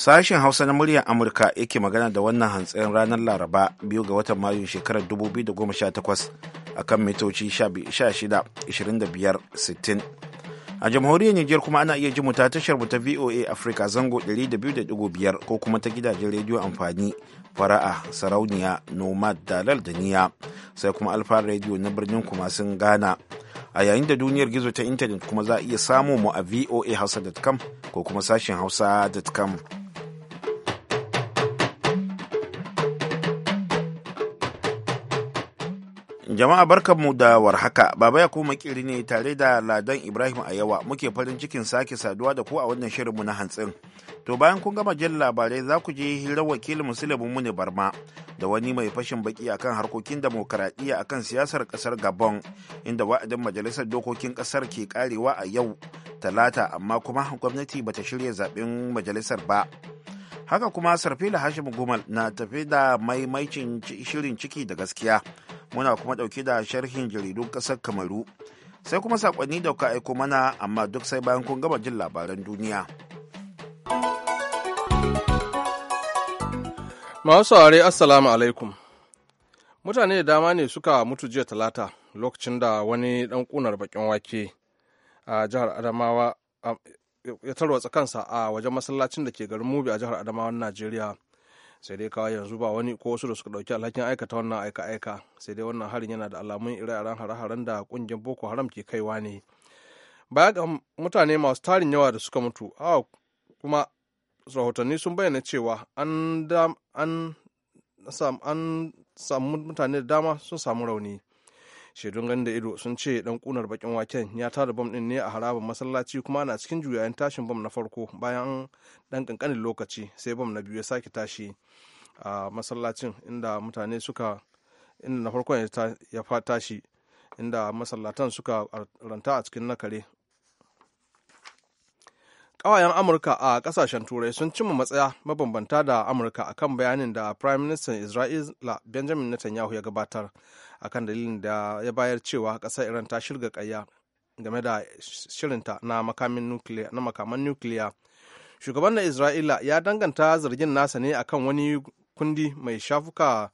Sashen Hausa na muryar Amurka yake magana da wannan hantsayin ranar Laraba biyu ga watan Mayu shekarar 2018 a kan mitoci 16 A jamhuriyar Nijar kuma ana iya ji mu ta tashar mu ta VOA Africa zango 200.5 ko kuma ta gidajen rediyo amfani fara'a sarauniya nomad dalal da niya sai kuma alfa rediyo na birnin kuma sun gana a yayin da duniyar gizo ta intanet kuma za a iya samu mu a voa hausa.com ko kuma sashen hausa.com Jama'a mu da warhaka, Baba ya kuma kiri ne tare da Ladan Ibrahim a yawa muke farin cikin sake saduwa da ku a wannan shirinmu na hantsin. To bayan kun gama jin labarai za ku je hirar wakilin musulmin mu ne barma da wani mai fashin baki akan harkokin demokaradiyya akan siyasar kasar Gabon inda wa'adin majalisar dokokin kasar ke karewa a yau talata amma kuma gwamnati bata shirya zaben majalisar ba. Haka kuma Sarfila Hashim Gumal na tafi da maimaicin shirin ciki da gaskiya muna kuma ɗauke da sharhin jaridun ƙasar kamaru sai kuma sakonni da kuka aiko mana amma duk sai bayan kun gama jin labaran duniya. Masu saurare Assalamu alaikum. Mutane da dama ne suka mutu jiya talata lokacin da wani ɗan ƙunar bakin wake a jihar Adamawa ya tarwatsa kansa a wajen masallacin da ke garin Mubi a jihar Adamawa Najeriya. sai dai kawai yanzu ba wani ko wasu da suka dauki alhakin aikata wannan aika-aika sai dai wannan harin yana da alamun ire-iren hare-haren da kungiyar boko haram ke kaiwa ne baya ga mutane masu tarin yawa da suka mutu hawa kuma rahotanni sun bayyana cewa an samu mutane da dama sun samu rauni shaidun ganin da ido sun ce dan kunar bakin waken ya tara bom din ne a harabar masallaci kuma ana cikin juyayen tashin bom na farko bayan dan kankanin lokaci sai bom na biyu ya sake tashi a masallacin inda mutane suka inda na farkon ya tashi inda masallatan suka ranta a cikin nakare kawayen amurka a kasashen turai sun cimma matsaya mabambanta da amurka akan bayanin da prime minister isra'ila benjamin netanyahu ya gabatar akan dalilin da ya bayar cewa ƙasar iran ta shirga ƙayya game da shirinta na makaman nukiliya shugaban na isra'ila ya danganta zargin nasa ne akan wani kundi mai shafuka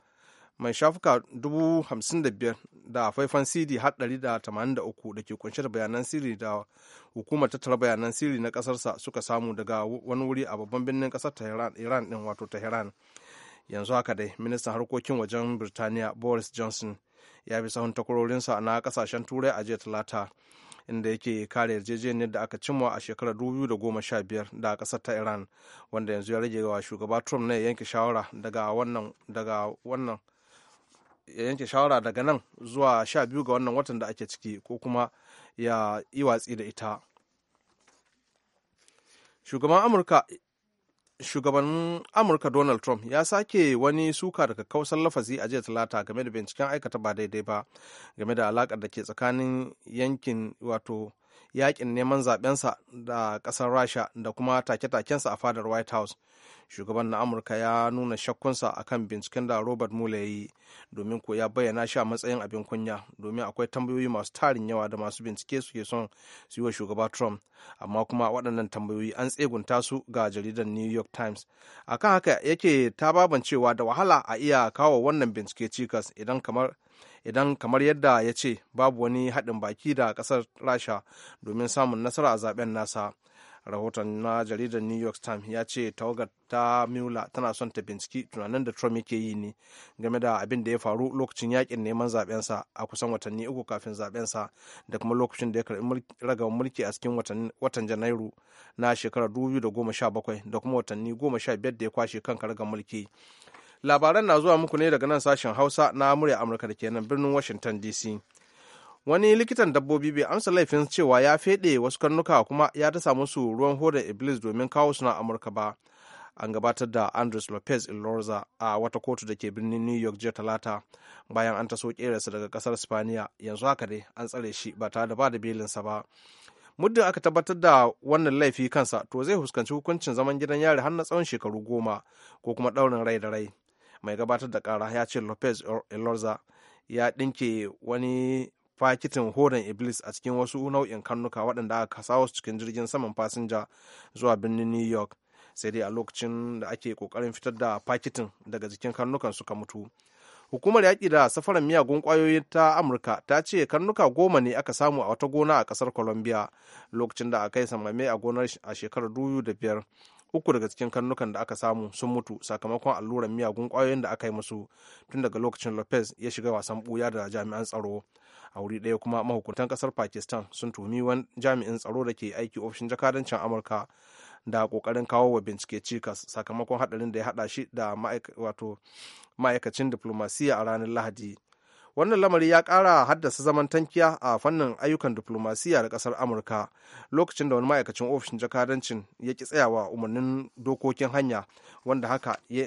mai shafuka 55,000 da faifan cd har da ke kunshe da bayanan siri da hukumar tattara bayanan sirri na kasarsa suka samu daga wani wuri a babban birnin kasar iran din wato tehran yanzu haka dai ministan harkokin wajen birtaniya boris johnson ya bi sahun takwarorinsa na kasashen turai a jiya talata inda yake kare yarjejeniyar da aka cimma a shekarar 2015 da kasar ta iran wanda yanzu ya rage wa shugaba trump na yanke shawara daga wannan daga wannan ya yanke shawara daga nan zuwa 12 ga wannan watan da ake ciki ko kuma ya yi watsi da ita shugaban amurka shugaban amurka donald trump ya sake wani suka daga kausar lafazi a jiya talata game da binciken aikata ba daidai ba game da alakar da ke tsakanin yankin wato yakin neman zabensa da kasar rasha da kuma take-takensa a fadar white house shugaban na amurka ya nuna shakkunsa akan binciken da robert mueller ya yi domin ko ya bayyana shi a matsayin abin kunya domin akwai tambayoyi masu tarin yawa da masu bincike suke son su yi wa shugaba trump amma kuma waɗannan tambayoyi an tsegunta su ga jaridar new york times akan haka yake ta babancewa da wahala a iya kawo wannan bincike cikas idan kamar idan kamar yadda ya ce babu wani haɗin baki da ƙasar rasha domin samun nasara a zaben nasa rahoton na jaridar new york times ya ce tawagar ta mula tana son ta binciki tunanin da trump yake yi ne game da abin da ya faru lokacin yakin neman zabensa a kusan watanni uku kafin zabensa da kuma lokacin da ya karbi ragawar mulki a cikin watan janairu na shekarar 2017 da kuma watanni 15 da ya kwashe kan karagar mulki labaran na zuwa muku ne daga nan sashen hausa na murya amurka da kenan birnin washington dc wani likitan dabbobi bai amsa laifin cewa ya feɗe wasu karnuka kuma ya ta samu su ruwan hodar iblis domin kawo suna amurka ba an gabatar da andres lopez ilorza a wata kotu da ke birnin new york jiya talata bayan an taso kerarsa daga kasar spaniya yanzu haka dai an tsare shi ba tare da ba da belinsa ba muddin aka tabbatar da wannan laifi kansa to zai fuskanci hukuncin zaman gidan yari har na tsawon shekaru goma ko kuma daurin rai da rai mai gabatar da kara ya ce lopez ilorza ya ɗinke wani fakitin horon iblis a cikin wasu nau'in karnuka waɗanda aka kasawo su cikin jirgin saman fasinja zuwa birnin new york sai dai a lokacin da ake kokarin fitar da fakitin daga jikin karnukan suka mutu hukumar yaƙi da safaran miyagun ƙwayoyi ta amurka ta ce karnuka goma ne aka samu a wata gona a ƙasar colombia lokacin da aka yi samame a gonar a shekarar dubu uku daga cikin karnukan da aka samu sun mutu sakamakon allurar miyagun kwayoyin da aka yi musu tun daga lokacin lopez ya shiga wasan buya da jami'an tsaro a wuri ɗaya kuma mahukuntan ƙasar pakistan sun tuhumi wani jami'in tsaro da ke aiki ofishin jakadancin amurka da kokarin kawo wa bincike cikas sakamakon haɗarin da ya haɗa shi da ma'aikacin diplomasiya a ranar lahadi wannan lamari ya kara haddasa zaman tankiya a fannin ayyukan diplomasiya da kasar amurka lokacin da wani ma'aikacin ofishin jakadancin ya ki tsayawa umarnin dokokin hanya wanda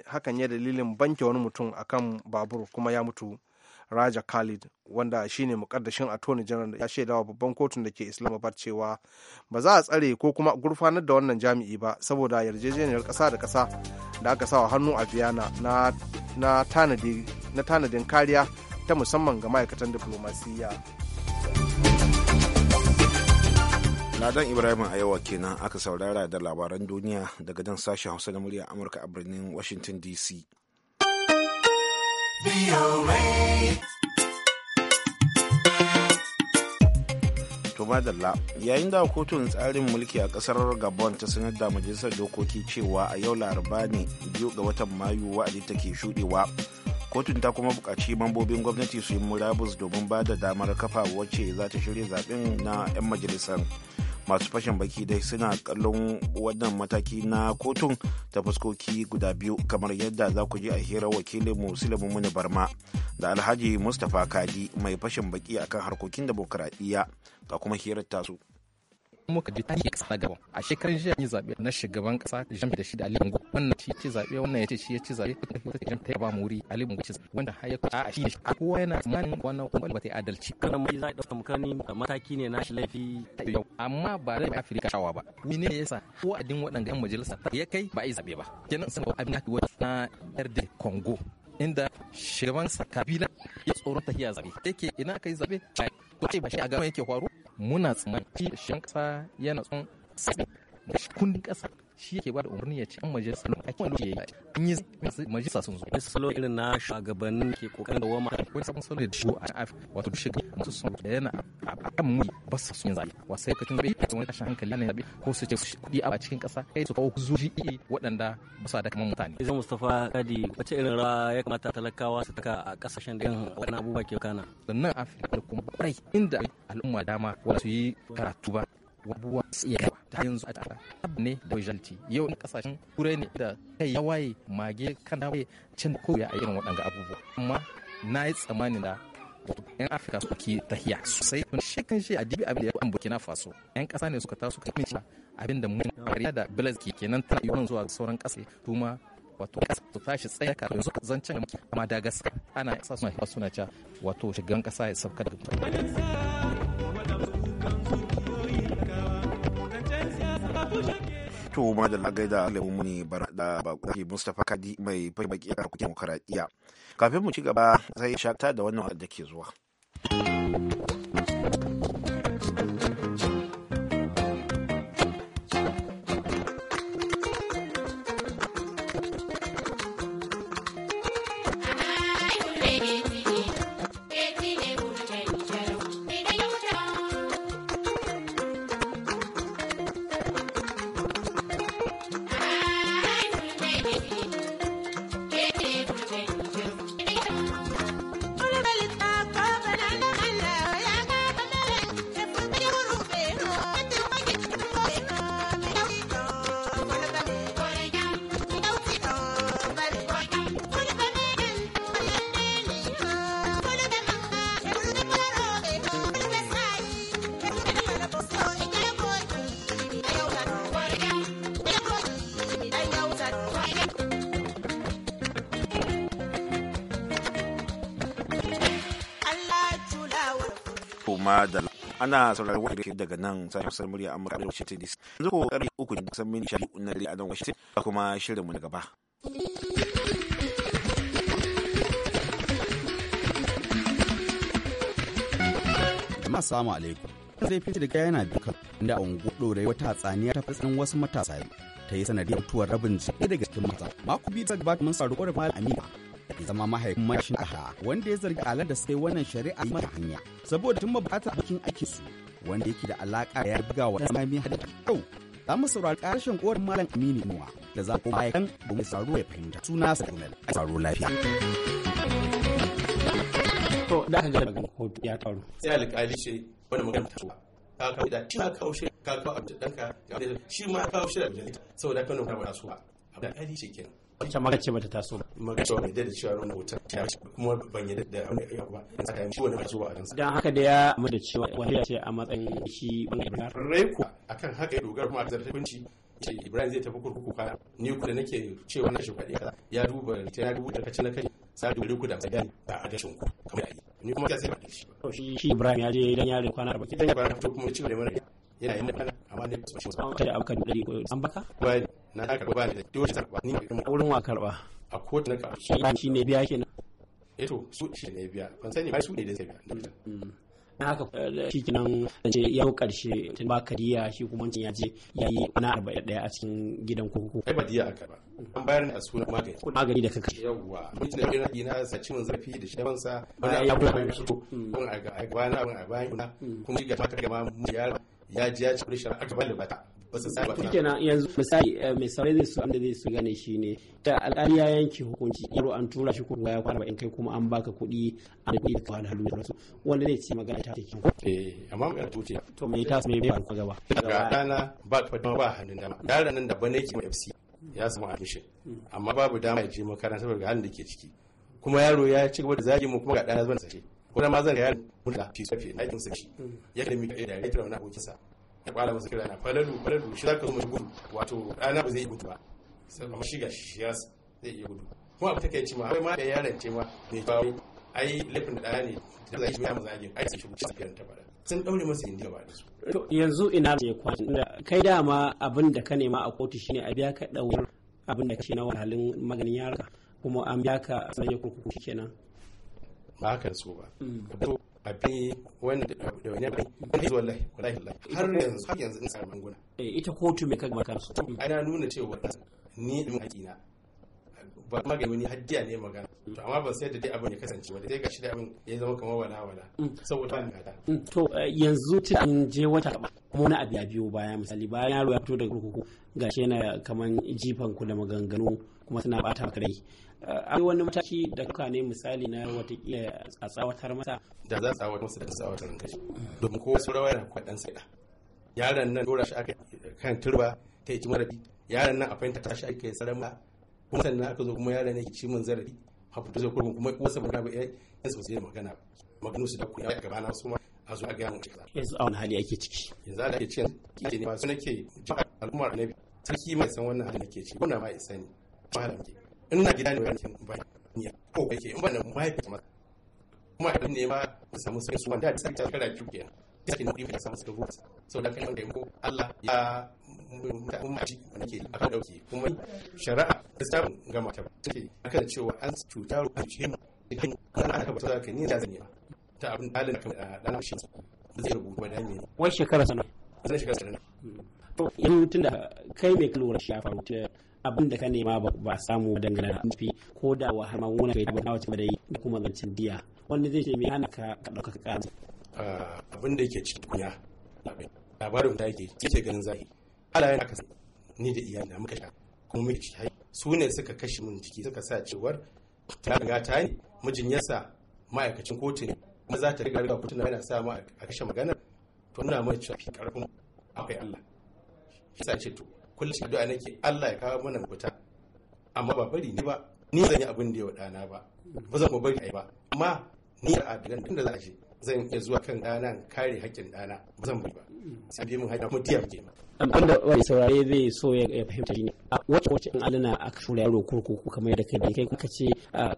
hakan ya dalilin banke wani mutum akan babur kuma ya mutu raja khalid wanda shine mukaddashin attorney general ya shaidawa babban kotun da ke islamabad cewa ba za a tsare ko kuma gurfanar da wannan jami'i ba saboda yarjejeniyar kasa da kasa da aka sawa hannu a biyana na tanadin kariya ta musamman ga ma'aikatan diflomasiyya. Ladan Ibrahim a Ayawa kenan aka saurara da labaran duniya daga dan sashen Hausa na murya Amurka a birnin Washington DC. madalla yayin da kotun tsarin mulki a kasar Gabon ta sanar da majalisar dokoki cewa a yau laraba ne biyu ga watan Mayu wa'adi take shudewa kotun ta kuma bukaci mambobin gwamnati su yi murabus domin ba da damar kafa wacce za ta shirya zaɓen na 'yan majalisar masu fashin baki dai suna kallon wannan mataki na kotun ta fuskoki guda biyu kamar yadda za ku ji a hira wakilin musulmi muni barma da alhaji mustapha kadi mai fashin baki akan harkokin demokradiyya ga kuma hirar tasu. muka ji tashi kasa gaba a shekarun jiya ni zabe na shugaban kasa Jami da shi da Ali wannan ci ci zabe wannan yace shi ya ci zabe ta ba mu wuri Ali Bongo ci wanda har ya kuta a shi shi. kowa yana tsammanin wannan kuma ba ta adalci kana mai zai dauka mukani mataki ne na shi laifi yau amma ba da Afirka shawa ba ne yasa ko adin waɗanda yan majalisa ya kai ba yi zabe ba kenan sun abin da wata na RD Congo inda shugaban kabila ya tsoron tafiya zabe yake ina kai zabe ko ce ba shi a gama yake faru muna tsammanin shi shan kasa yana tsohon kundin kasa shi yake ba da umarni ya ce an majalisa a kowane lokaci ya yi an yi masu majalisa sun zo wani salo irin na shugabannin ke kokarin da wama wani sabon salo da shigo a af wato shiga masu sun da yana a kan mu ba su sun zabi wasu yakacin bai da wani tashin hankali na zabi ko su ce kuɗi a cikin ƙasa kai su kawo zuji waɗanda ba su da kamar mutane. Izan Mustapha Kadi wace irin rawa ya kamata talakawa su taka a ƙasashen da waɗannan abubuwa ke kana. Sannan Afirka da kuma ƙwarai inda al'umma dama wasu yi karatu ba abubuwan su iya yawa ta yanzu a tsara ne da wajalti yau na kasashen turai ne da kai ya waye mage kan waye cin da koya a irin waɗanga abubuwa amma na yi tsammanin da yan afirka ke ki tahiya sosai kun shekan shi a dibi abin da ya an na faso yan ƙasa ne suka taso kan cewa abin da mun kariya da bilas ke kenan tana yi zuwa sauran ƙasa kuma wato ƙasa ta tashi tsaye ka yanzu zancen amma da gaskiya ana ƙasa suna suna cewa wato shigan ƙasa ya sauka daga to ma da lagai da alamu muni bara da bakwai mustapha kadi mai fahimaki a kuke demokaradiyya kafin mu ci gaba sai shata da wannan da ke zuwa. da ana sauraron wani ke daga nan sai sar murya amurka da wacce tdc yanzu ko karfe uku ne kusan mini shafi na dare a nan wacce da kuma mu na gaba. jama'a salamu alaikum zai fice daga yana dukan inda a unguwar ɗorai wata hatsaniya ta fasarin wasu matasa ta yi sanadiyar mutuwar rabin jiki daga cikin mata mako biyu ta gabata mun saru kwarar malam amina zama mahaifin mai shaha wanda ya zargi alar da sai wannan shari'a mata hanya saboda tun bukatar abokin aiki su wanda yake da alaka ya buga wa dan mami hada kyau za mu saurari karshen kowar malam amini nuwa da za ku bayan domin tsaro ya fahimta suna sa tunel a tsaro lafiya. to da ka ga daga hoto ya karu sai alƙali ce wani magana ta ka kawo da kina kawo shi ka kawo a danka shi ma kawo shi da jami'a saboda kana ba su ba alƙali ce kenan wancan magana ce bata taso ba magana ce wanda da cewa wannan ta kuma ban yadda da ya ba saka shi wannan kasuwa a kansa dan haka da ya mu da cewa ya ce a matsayin shi bangaren reko akan haka ya dogara kuma a zartar kunci ce Ibrahim zai tafi kurkuku kwana ni kuma nake cewa na shi kaza ya duba ta ya duba tarkacin na kai sa da ku da gani da gashin ku kamar yayi ni kuma sai ba shi shi shi Ibrahim ya je dan yarin kwana baki dan ya fara to kuma ci gaba da mana yana yin kana amma ne ba shi ba ta da abukan dari an baka na da karba ne da wace karba ni kuma wurin wa karba a kotu na karba shi ne biya kenan eh to su shi ne biya ban sani ba su ne da sai biya mm. na haka eh, shi kenan ce yau karshe ba kariya shi kuma ya je ya yi na arba'in daya a cikin gidan kurkuku ai ba diya aka ba an bayar ne a suna magani magani da kaka yawwa mutum da irin na saci mun zarafi da shaban sa wani ya kula mai fito kuma a ga a bayan abin a bayan kuna mm. kuma ga maka gama mu yara ya ji ya ci kudin shari'a aka bani bata ba su sai ba kenan yanzu misali eh, mai saurayi zai so da zai su gane shi ne ta alƙali ya yanke hukunci yaro an tura shi kuma ya kwana in kai kuma an baka kuɗi an kuɗi da kwana halu da su wanda zai ci magana ta cikin eh amma mai tuce to mai ta mai bai ba gaba ga dana ba fadin ba hannun dama yaran nan da bane yake FC ya samu admission hmm. amma babu dama ya je makaranta saboda halin da ke ciki kuma yaro ya ci gaba da zagi mu kuma ga dana zuwa sace ko ma zan ga yaron mun da fi safi na sa shi ya kalmi da yare ya kira wani abokin sa ya kwala masa kira na falalu falalu shi zaka mu gudu wato ana ba zai gudu ba sai kuma shi ga shi ya zai iya gudu kuma abu take ce ma akwai ma da yaron ce ma ne ba ai laifin da ɗaya ne da zai shi ya mu ai sai shi shi kiran ta fara sun daure masa inda ba da su to yanzu ina ne inda kai dama abin da ka nema a kotu shine a biya ka daure abin da ka na wahalin maganin yaranka kuma an biya ka sanya kurkuku kenan ba hakan so ba abin wani da wani abin wani zuwa lai har yanzu har yanzu in sa manguna eh, ita kotu mai kan makar su ana nuna cewa ni in hakina ba magani wani haddiya ne magana to amma ba sai da dai abin ya kasance ba sai gashi da abin ya zama kamar wala wala mm. saboda ba gada mm, to eh, yanzu tun an je wata kuma na abu ya biyo baya misali bayan yaro ya fito daga kurkuku gashi yana kaman jifan ku da maganganu kuma suna bata maka rai eh, akwai wani mataki da kuka ne misali na watakila a tsawatar masa da za a tsawatar masa da tsawatar kashi domin kowa su rawa yana kwaɗan sai yaron nan dora shi aka kan turba ta yi marabi yaran nan a fahimta ta shi aka yi sarama kuma sannan aka zo kuma yaran ne ke cimin zarafi ta zo kurkun kuma kuma sabon magana ya yi su zai magana maganu su da kuma ya gaba na su ma a zo a gaya mu yanzu a wani hali ake ciki yanzu da ake cikin ne ba su nake al'ummar annabi sarki mai san wannan hali nake ciki wannan ma ya sani malam ke in gida ne ba ba ni ko ba in ba na maka kuma abin ne ma samu sai su wanda kara ki samu da Allah ya umma aka dauke kuma shari'a ta samu ga mata take akan cewa an cuta ruwa ce mu idan kana aka ba ta ne da zan yi ta abin dalin da dan shi zai rubuta da me shekara sana zai shekara sana to kai mai shafa mutum abin da ka nema ba samu dangane da mafi ko da wa har magunguna kai ba wacce da yi da kuma zancen diya wanda zai ce mai hana ka ka dauka ka kaza ah, abin da yake cikin kunya labarin da yake yake ganin zai halayen aka ni da na muka sha kuma muka hai su ne suka kashe mun jiki suka sa cewar ta ga ta ne mijin yasa ma'aikacin kotu ne kuma za ta riga riga kotu na yana sa ma a kashe magana to nuna mana cewa karfin akwai Allah shi sa ce to kullum addu'a nake Allah ya kawo mana mafita amma ba bari ni ba ni zan yi abin da ya na ba ba zan mu bari ai ba amma ni a daga tunda da za a je zan iya zuwa kan ɗana kare haƙƙin ɗana ba zan bari ba sai bi mun haƙƙi mu tiyar ke ma abin da wani saurare zai so ya fahimta ne wacce wacce in alina aka shura yaro kurkuku kamar da kai kai kuka ce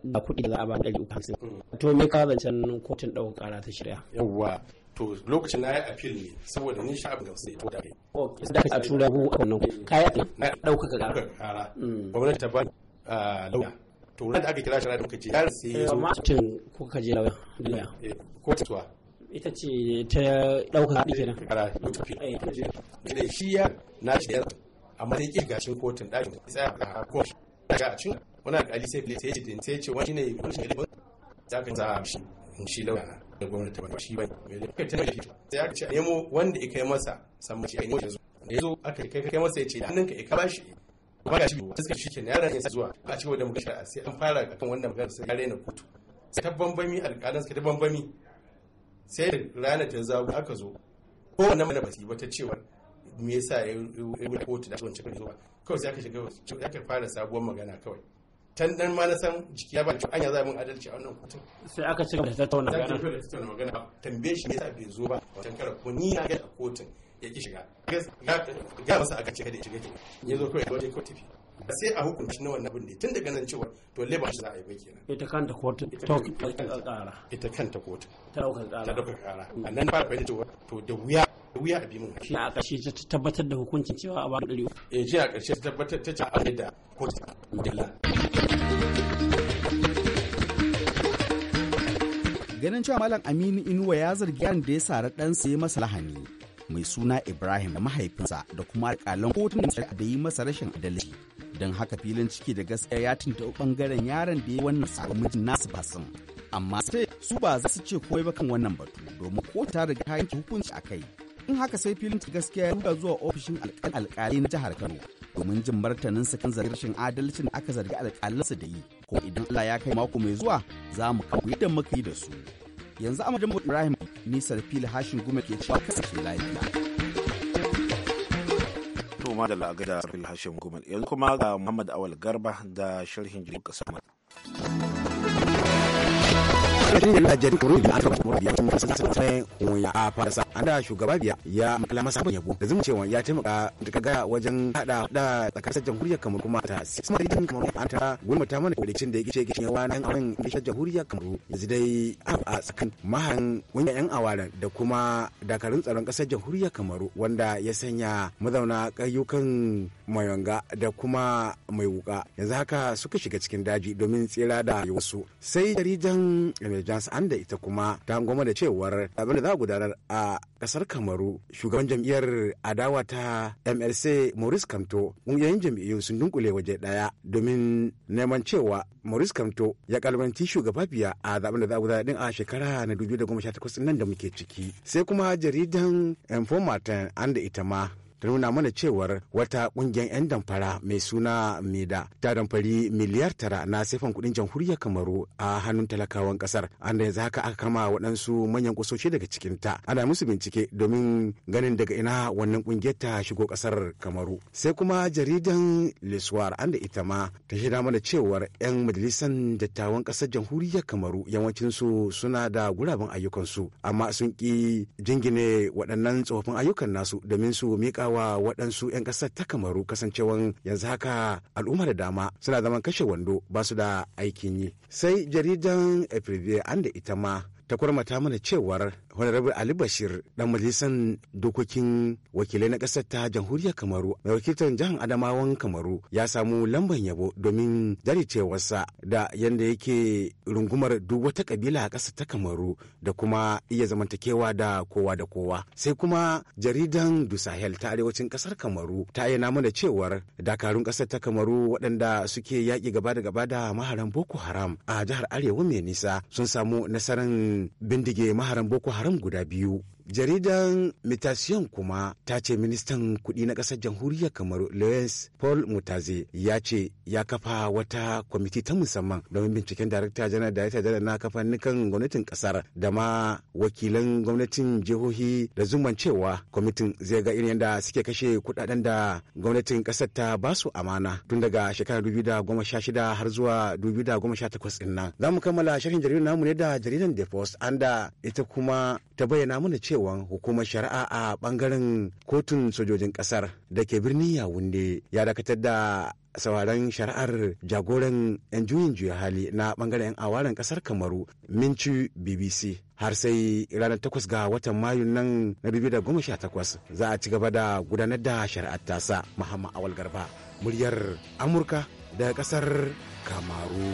ga kuɗi da za a ba ɗari uku hamsin mm. to me ka zancen kotun ɗaukar ƙara ta shirya yawwa to lokacin na yi appeal ne saboda ni sha'abin ga sai da oh, eh, kai da ka tura mu wannan kai na daukaka ga. kara mm. gwamnati ta ba ah, lauya to ran da aka kira shara da muka ce ya sai zo eh, martin ka je lauya eh, ko tuwa ita ce ta daukaka kenan kara da shi ya na shi da amma sai ki gashin kotun dakin sai a ko daga cin wani alƙali sai ya ce wani ne wani ne za ka za shi lauya da gwamnati ba shi ba kai tana shi sai ya ce nemo wanda ya kai masa san mace a yanzu da yazo aka kai kai masa ya ce hannun ka ya ka bashi ba ga shi ba shi kenan yaran ya zuwa a cewa sai an fara kan wannan magana sai ya rena kotu sai ta bambami alƙalan sai ta bambami sai ranar ta zago aka zo ko wannan mana basi wata cewa me yasa ya yi kotu da wancan kawai sai aka shiga aka fara sabuwar magana kawai can dan ma na san jiki ya ba ki anya za mu adalci a wannan kotun sai aka ci gaba da tattauna magana da tattauna magana tambaye shi me yasa bai zo ba wancan kar ko ni ya ga kotun ya ki shiga ga masa aka ci gaba da shiga ki ya zo kai waje ko tafi sai a hukunci na wannan abin ne tun daga nan cewa to leba shi za a yi ba kenan ita kanta kotun ta kara ita kanta kotun ta dauka kara ta dauka kara annan nan fara fahimta cewa to da wuya wuya a bimin shi a ƙarshe ta tabbatar da hukuncin cewa a ba da ɗari eh ji a ƙarshe ta tabbatar ta ce a da kotun da ganin cewa malam aminu inuwa ya zargi yaron da ya sari ɗansa ya masa lahani mai suna ibrahim da mahaifinsa da kuma alƙalan kotun da yi masa rashin adalci don haka filin ciki da gaskiya ya tuntuɓi ɓangaren yaron da ya wannan mijin nasu basin amma sai su ba za su ce kowai ba kan wannan batu domin ko ta riga ta yanke hukunci a kai in haka sai filin ciki gaskiya ya ruga zuwa ofishin alƙali na jihar kano domin jin su kan zargin rashin adalcin da aka zargi alƙalansa da yi ko idan Allah ya kai mako mai zuwa za mu kawo yadda muka yi da su. Yanzu a madadin Ibrahim nisar fil hashin gume ke cewa ke lafiya. To ma da da fil hashin gume yanzu kuma ga Muhammad Awal Garba da sharhin jirgin kasa. Shirin da jirgin Kuru da aka kuma biya cikin kasa sai mun ya fara sa. an da shugaba biya ya makala masa abin yabo da zama cewa ya taimaka da kaga wajen hada da tsakanin jamhuriyar kamar kuma ta sisma da idan kamar an ta gulma ta mana kwalicin da ya gice gice yawa nan abin da jamhuriyar kamar yanzu dai a tsakan mahan wani yan awaran da kuma dakarun tsaron kasar jamhuriyar kamaru wanda ya sanya mazauna kayyukan mayanga da kuma mai wuka yanzu haka suka shiga cikin daji domin tsira da wasu sai jaridan emergence an da ita kuma ta goma da cewar abin da za a gudanar a kasar kamaru shugaban jam'iyyar adawa ta mlc maurice kamto ƙungiyoyin jam'iyyu sun dunkule waje ɗaya domin neman cewa maurice kamto ya kalmanci shugaba biya a zaben da za a gudanar din a shekara na 2018 nan da muke ciki sai kuma jaridan informatin an da ita ma ta nuna mana cewar wata kungiyar 'yan damfara mai suna mida ta damfari miliyar tara na sifan kudin jamhuriyar kamaru a hannun talakawan kasar an da yanzu haka aka kama waɗansu manyan kusoshi daga cikin ta ana musu bincike domin ganin daga ina wannan kungiyar ta shigo kasar kamaru sai kuma jaridan liswar an da ita ma ta shida mana cewar 'yan majalisan dattawan kasar jamhuriyar kamaru yawancinsu suna da guraben ayyukansu amma sun ki jingine waɗannan tsofaffin ayyukan nasu domin su miƙa wa waɗansu 'yan ƙasar ta kamaru kasancewan yanzu haka al'umma da dama suna zaman kashe wando ba su da aikin yi sai jaridan an da ita ma ta kwarmata mana cewar honorable ali bashir dan majalisan dokokin wakilai na ƙasar ta jamhuriyar kamaru mai wakiltar jihar adamawan kamaru ya samu lamban yabo domin jaricewarsa da yadda yake rungumar duk wata kabila a ƙasar ta kamaru da kuma iya zamantakewa da kowa da kowa sai kuma jaridan dusahel ta arewacin ƙasar kamaru ta yana mana cewar dakarun ƙasar ta kamaru waɗanda suke yaƙi gaba da gaba da maharan boko haram a jihar arewa mai nisa sun samu nasarar bindige maharan boko haram haram guda biyu Jaridan Mutation kuma ta ce ministan kuɗi na ƙasar jamhuriyar Kamaru Lewis Paul Mutaze ya ce ya kafa wata kwamiti ta musamman domin binciken darakta janar darakta da na kafannukan gwamnatin kasar da ma wakilan gwamnatin jihohi da zuman cewa kwamitin zai ga irin yadda suke kashe kuɗaɗen da gwamnatin kasar ta ba su amana tun daga shekarar 2016 har zuwa 2018 ɗin nan. Za mu kammala shirin jaridan namu ne da jaridan The an da ita kuma ta bayyana mana cewa cewa hukumar shari'a a bangaren kotun sojojin kasar da ke birnin yawunde ya dakatar da sauraron shari'ar jagoran 'yan juyin juya hali na bangaren 'yan awaren kasar kamaru minci bbc har sai ranar takwas ga watan mayu nan na 2018 za a ci gaba da gudanar da shari'ar tasa muhammad awal garba muryar amurka daga kasar kamaru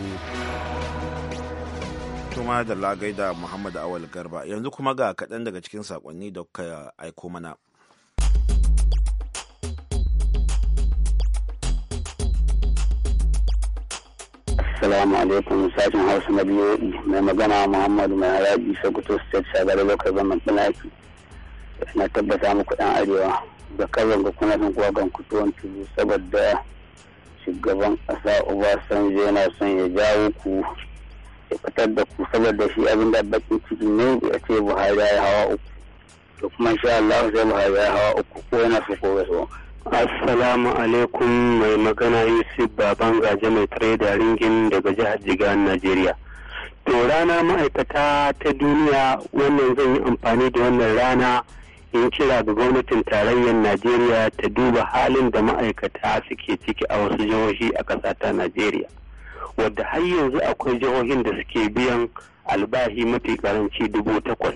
Tuma da lagai da Muhammad Awal Garba yanzu kuma ga kaɗan daga cikin sakonni da kuka aiko mana. Assalamu alaikum sashen Hausa na BOE mai magana Muhammadu mai haraji Sokoto State Shagari Lokar Zaman Tunaki Na tabbata muku ɗan Arewa da kallon ga kuna sun kuwa gan kutuwan saboda shugaban ƙasa Obasanjo yana son ya jawo ku ya fitar da ku saboda shi abin da bakin ciki ne ya ce buhari ya hawa uku to kuma insha Allah sai buhari ya hawa uku ko yana so ko so assalamu alaikum mai magana yusuf baban gaje mai tare da ringin daga jihar jigan najeriya to rana ma'aikata ta duniya wannan zan yi amfani da wannan rana in kira ga gwamnatin tarayyar najeriya ta duba halin da ma'aikata suke ciki a wasu jihohi a ƙasa ta najeriya wadda har yanzu akwai jihohin da suke biyan albahi mafi karanci dubu takwas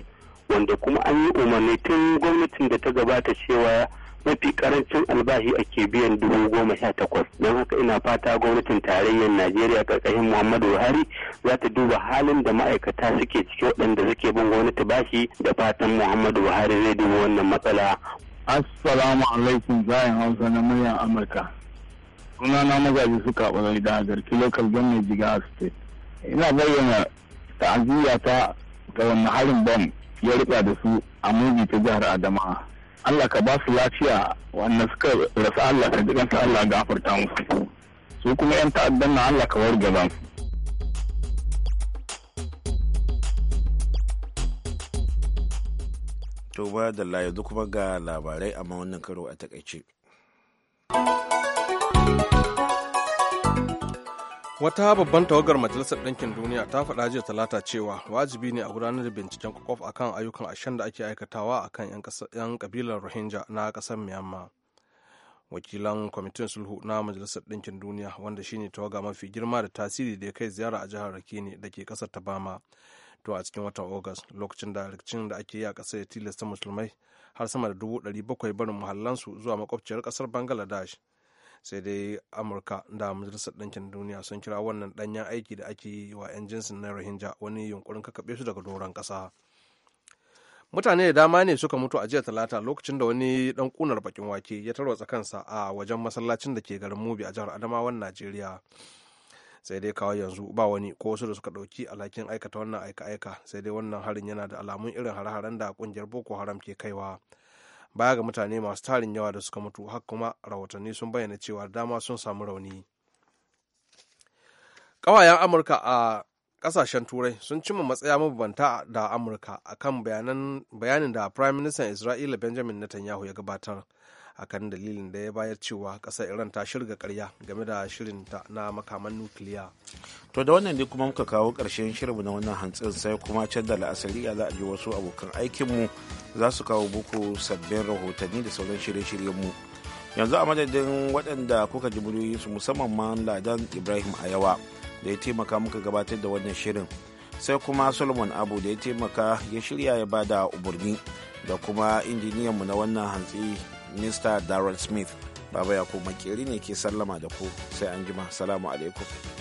wanda kuma an yi umarni tun gwamnatin da ta gabata cewa mafi karancin albashi ake biyan dubu goma sha takwas don haka ina fata gwamnatin tarayyar najeriya karkashin muhammadu buhari za ta duba halin da ma'aikata suke ciki waɗanda suke bin gwamnati bashi da fatan muhammadu buhari zai duba wannan matsala assalamu alaikum zayin hausa na muryar amurka suna na magaji suka ɓarari da garki local gwamnati jiga state ina bayyana ta'aziyya ta ga wani harin bom ya rika da su a mugi ta jihar adama allah ka ba su lafiya wanda suka rasa allah ka ji ta allah ga afirka musu su kuma yan ta'addan na allah ka gaban su to ba da la duk kuma ga labarai amma wannan karo a takaice. wata babban tawagar majalisar ɗinkin duniya ta faɗa jiya talata cewa wajibi ne a gudanar da binciken kwakwaf a kan ayyukan ashen da ake aikatawa a kan 'yan kabilar rohingya na ƙasar myanmar wakilan kwamitin sulhu na majalisar ɗinkin duniya wanda shine tawaga mafi girma da tasiri da ya kai ziyara a jihar rakini da ke ƙasar ta bama to a cikin watan august lokacin da rikicin da ake yi a ƙasar ya tilasta musulmai har sama da dubu ɗari bakwai barin muhallansu zuwa makwabciyar ƙasar bangladesh sai dai amurka da majalisar ɗinkin duniya sun kira wannan ɗanyen aiki da ake yi wa 'yan jinsin na rohingya wani yunkurin kakaɓe su daga doron ƙasa mutane da dama ne suka mutu a jiya talata lokacin da wani ɗan kunar bakin wake ya tarwatsa kansa a wajen masallacin da ke garin mubi a jihar adamawan najeriya sai dai kawai yanzu ba wani ko wasu da suka ɗauki alhakin aikata wannan aika-aika sai dai wannan harin yana da alamun irin hare-haren da ƙungiyar boko haram ke kaiwa baya ga mutane masu tarin yawa da suka mutu har kuma rahotanni sun bayyana cewa dama sun samu rauni ƙawayen amurka a ƙasashen turai sun cimma matsaya mabambanta da amurka akan bayanin da prime minister isra'ila benjamin netanyahu ya gabatar a kan dalilin da ya bayar cewa ƙasar iran ta shirga karya game da shirinta na makaman nukiliya to da wannan ne kuma muka kawo ƙarshen shirinmu na wannan hantsin sai kuma can da la'asari za a ji wasu abokan aikinmu za su kawo muku sabbin rahotanni da sauran shirye-shiryenmu yanzu a madadin waɗanda kuka ji su musamman ma ladan ibrahim ayawa da ya taimaka muka gabatar da wannan shirin sai kuma solomon abu da ya taimaka ya shirya ya bada umarni da kuma injiniyanmu na wannan hantsi mr darren smith baba ya makeri ne ke sallama da ku sai an jima salamu alaikum